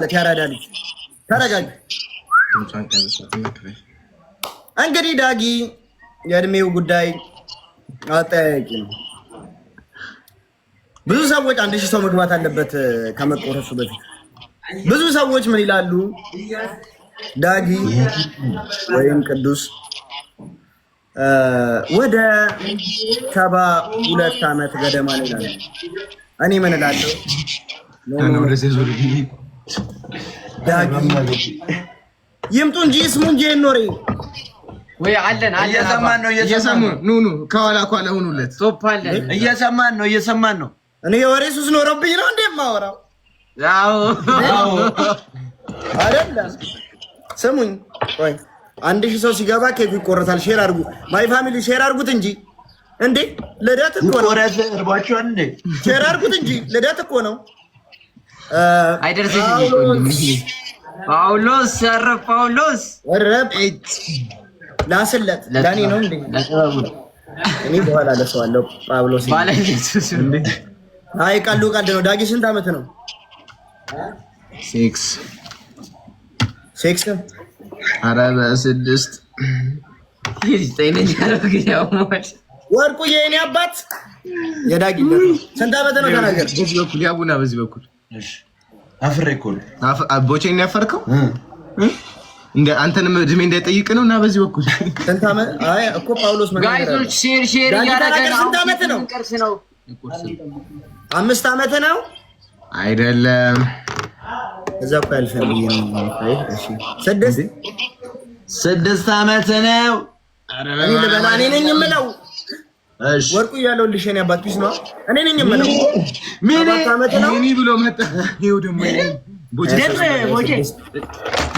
ማለት ያራዳ ልጅ ተረጋጊ። እንግዲህ ዳጊ የእድሜው ጉዳይ አጠያያቂ ነው። ብዙ ሰዎች አንድ ሺህ ሰው መግባት አለበት ከመቆረሱ በፊት ብዙ ሰዎች ምን ይላሉ? ዳጊ ወይም ቅዱስ ወደ ሰባ ሁለት ዓመት ገደማ ነው ይላሉ። እኔ ምን እላለሁ? ይምጡ እንጂ ስሙ እንጂ ኖሬ ወይ አለን አለን። እየሰማን ነው እየሰማን ኑ ኑ ከኋላ ከኋላ ሁኑለት። ቶፕ አለን እየሰማን ነው እየሰማን ነው። እኔ የወሬ ሱስ ኖሮብኝ ነው እንዴ የማወራው? አዎ አዎ አይደለም። ስሙኝ ወይ አንድ ሺህ ሰው ሲገባ ኬኩ ይቆረታል። ሼር አድርጉ ማይ ፋሚሊ ሼር አድርጉት እንጂ እንዴ ልደት እኮ ነው። ሼር አድርጉት እንጂ ልደት እኮ ነው። Uh, አይደርስም። ጳውሎስ ኧረ ጳውሎስ ኧረ ላስለት ለእኔ ነው እኔ በኋላ ለሰዋለሁ። ጳውሎስ አይ ቀልድ ነው። ዳጊ ስንት አመት ነው? ሴክስ ሴክስ ኧረ በስድስት ወርቁዬ የእኔ አባት የዳጊ ስንት ነው? ተናገር በዚህ በኩል በዚህ በኩል አፍሬ እኮ ነው። ቦቼን ነው ያፈርከው? እንደ አንተንም እድሜ እንዳይጠይቅ ነው እና በዚህ በኩል ስንት ዓመት? አይ እኮ ጳውሎስ ጋይሶች፣ ሼር ሼር እያደረገ ነው። ስንት ዓመት ነው? አምስት ዓመት ነው አይደለም? እዛ እኮ ያልፈልግ ስድስት ስድስት ዓመት ነው። እኔ ልበላ እኔ ነኝ የምለው ወርቁ እያለው ልሸን አባት ቢስ ነው። እኔ ነኝ የምለው ብሎ መጣ።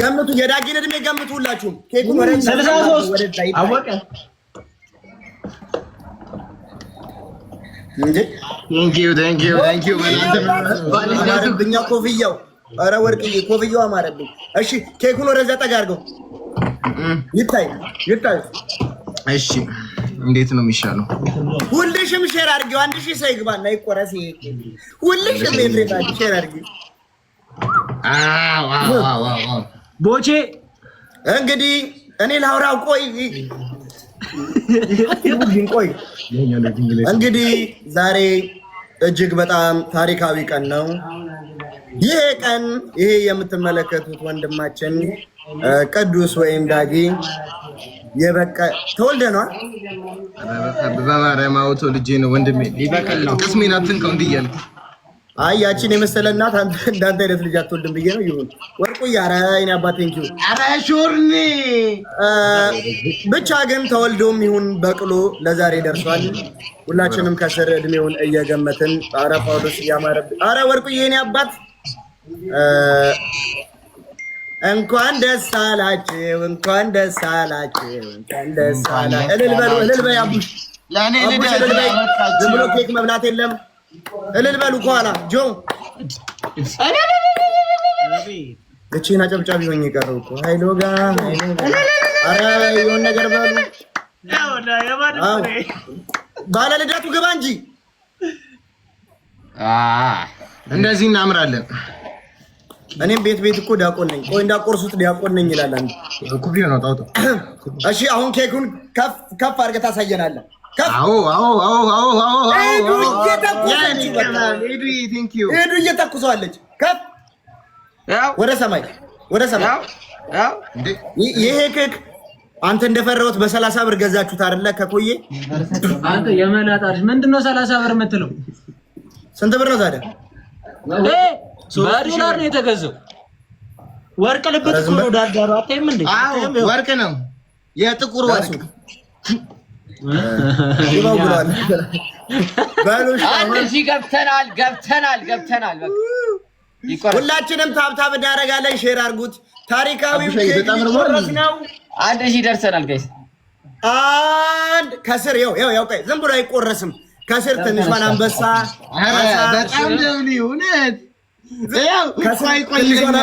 ገምቱ፣ የዳጊን እድሜ ገምቱ። ሁላችሁም ኬኩ እንጂ ኮፍያው፣ ኧረ ወርቅዬ ኮፍያው አማረብኝ። እሺ ኬኩን ወደዛ ጠጋ አድርገው ይታይ ይታይ። እሺ እንዴት ነው የሚሻለው? ሁልሽም ሼር አድርጊው። አንድ ሺህ ሰው ይግባና ይቆረስ። ሁልሽም ኤፍሬም ሼር አድርጊው። ቦቼ እንግዲህ እኔ ላውራው። ቆይ ቆይ እንግዲህ ዛሬ እጅግ በጣም ታሪካዊ ቀን ነው። ይሄ ቀን ይሄ የምትመለከቱት ወንድማችን ቅዱስ ወይም ዳጊ የበቃ ተወልደ ነው በማርያም አውቶ ልጄ ነው ወንድሜ ይበቃል ነው ቅስሜን አትንቀው እንዲህ አይ ያቺን የመሰለ እናት እንዳንተ አይነት ልጅ አትወልድም ብዬ ነው። ይሁን ወርቁ ያረ እኔ አባት እንጂ አረ ሹርኒ ብቻ ግን ተወልዶም ይሁን በቅሎ ለዛሬ ደርሷል። ሁላችንም ከስር እድሜውን እየገመትን አረ ጳውሎስ እያማረብ አረ ወርቁ የኔ አባት እንኳን ደስ አላችሁ፣ እንኳን ደስ አላችሁ፣ እንኳን ደስ አላችሁ። እልል በሉ፣ እልል በይ። አቡሽ ዝም ብሎ ኬክ መብላት የለም። እልል በሉ ከኋላ ጆ። እቺን አጨብጫቢ ሆኜ ቀረው እኮ ሀይሎ ጋ ኧረ የሆነ ነገር በሉ። ባለ ልደቱ ግባ እንጂ እንደዚህ እናምራለን። እኔም ቤት ቤት እኮ ዲያቆን ነኝ። ቆይ እንዳቆርሱት ዲያቆን ነኝ ይላል አንዱ። እሺ አሁን ኬኩን ከፍ ከፍ አድርገህ ታሳየናለህ። ሄዱ እየተኩሰዋለች። ከፍ ወደ ሰማይ ወደ ሰማይ። ይሄ ኬክ አንተ እንደፈረውት በሰላሳ ብር ገዛችሁት አይደለ? ከኮዬ አንተ የመላጣ ምንድነው ምንድን ሰላሳ ብር የምትለው? ስንት ብር ነው ታዲያ? በዶላር ነው የተገዛው። ወርቅ እኮ ነው ዳርዳሩ። አታይም እንዴ? አዎ ወርቅ ነው፣ የጥቁር ወርቅ ገብተናል ገብተናል ገብተናል። ሁላችንም ታብታብ እናደርጋለን። ሼር አድርጉት። ታሪካዊ ነው። አንድ ሺህ ደርሰናል ጋይስ። አንድ ከስር ያው ያው ያው ዝም ብሎ አይቆረስም። ከስር ትንሿን አንበሳ በጣም መጀመሪያ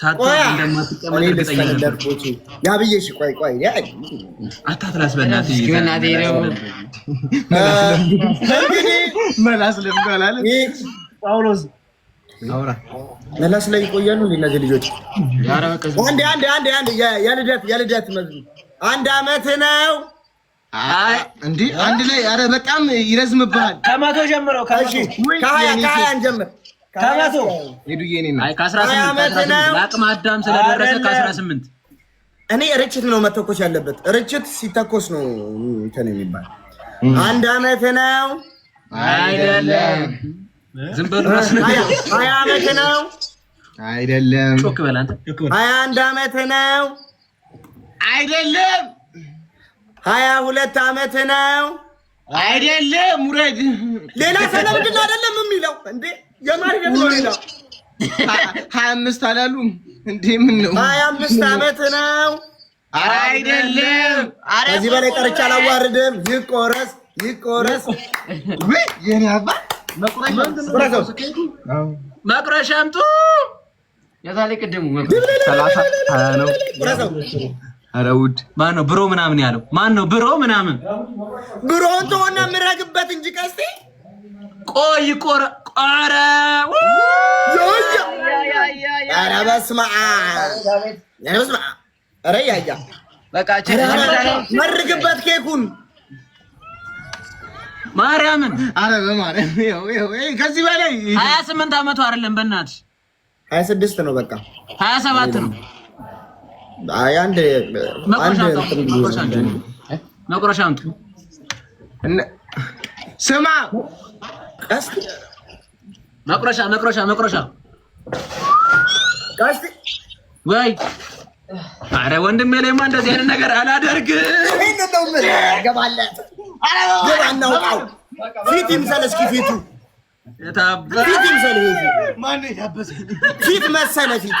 ሳትሆን ቆይ ቆይ አታትላስ መላስ ላይ ይቆያሉ። እነዚህ ልጆች አንድ አንድ አንድ አንድ የልደት የልደት አንድ አመት ነው። እንዲህ አንድ ላይ በጣም ይረዝምብሃል። ከመቶ ከሀያ ከሀያ እንጀምር ከመቶ 18 አዳም ስለደረሰ ከአስራ ስምንት እኔ ርችት ነው መተኮስ ያለበት። ርችት ሲተኮስ ነው እንትን የሚባል አንድ አመት ነው አይደለም። ዝም በሉ። ሀያ ነው አይደለም። ጮክ በል አንተ። ሀያ አንድ አመት ነው አይደለም። ሀያ ሁለት አመት ነው አይደለም ውረድ። ሌላ ሰው ለምንድን ነው አይደለም የሚለው እንዴ? የማን ነው ሀያ አምስት አላሉም እንዴ? ምን ነው ሀያ አምስት አመት ነው አይደለም። ከዚህ በላይ ቀርቼ አላዋርድም። ይቆረስ ይቆረስ። ወይ መቁረሻ አምጡ። የዛሬ ቅድሙ ሰላሳ ነው ኧረ ውድ ማን ነው ብሮ ምናምን ያለው? ማን ነው ብሮ ምናምን? ብሮ ተሆነ የምረግበት እንጂ ቀስቴ ቆይ ቆረ ቆረ ኧረ በስመ አብ በስመ አብ ኧረ በቃ መርግበት ኬኩን ማርያምን ኧረ በማርያም ከዚህ በላይ 28 አይደለም በእናትሽ ነው በቃ 27 ነው ስማ መቁረሻ መቁረሻ መቁረሻ ወይ አረ ወንድሜ ላይማ እንደዚህ አይነት ነገር አላደርግም። ፊት ይምሰል እስኪ ፊቱ ፊት መሰለ ፊቱ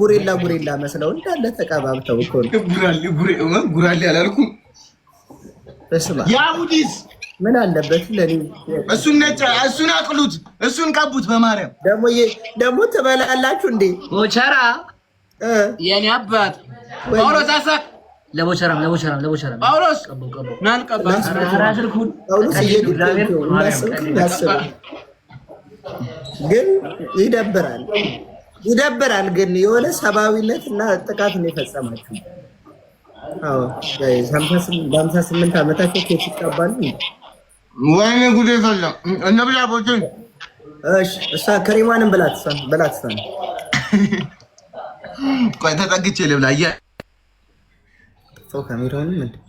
ጉሬላ ጉሬላ መስለው እንዳለ ተቀባብተው እኮ ጉራሌ አላልኩም። ያሁዲስ ምን አለበት? ለኔ እሱን ነጭ እሱን አቅሉት፣ እሱን ቀቡት። በማርያም ደግሞ ደግሞ ትበላላችሁ እንዴ? ቦቸራ የኔ አባት ጳውሎስ አሳ ለቦቸራም ለቦቸራም ለቦቸራም ጳውሎስ ናን ቀባ ጳውሎስ እየድራሜር ግን ይደብራል፣ ይደብራል። ግን የሆነ ሰብአዊነት እና ጥቃት ነው የፈጸማችሁ። በሀምሳ ስምንት ዓመታቸው ኬስ ይቀባሉ። ወይኔ ጉዴ ፈላ እነብላ ቦችን እሳ ከሪማንም ብላት ሳ ቆይ ተጠግቼ ልብላ እያ ሰው ካሜራውንም እንደ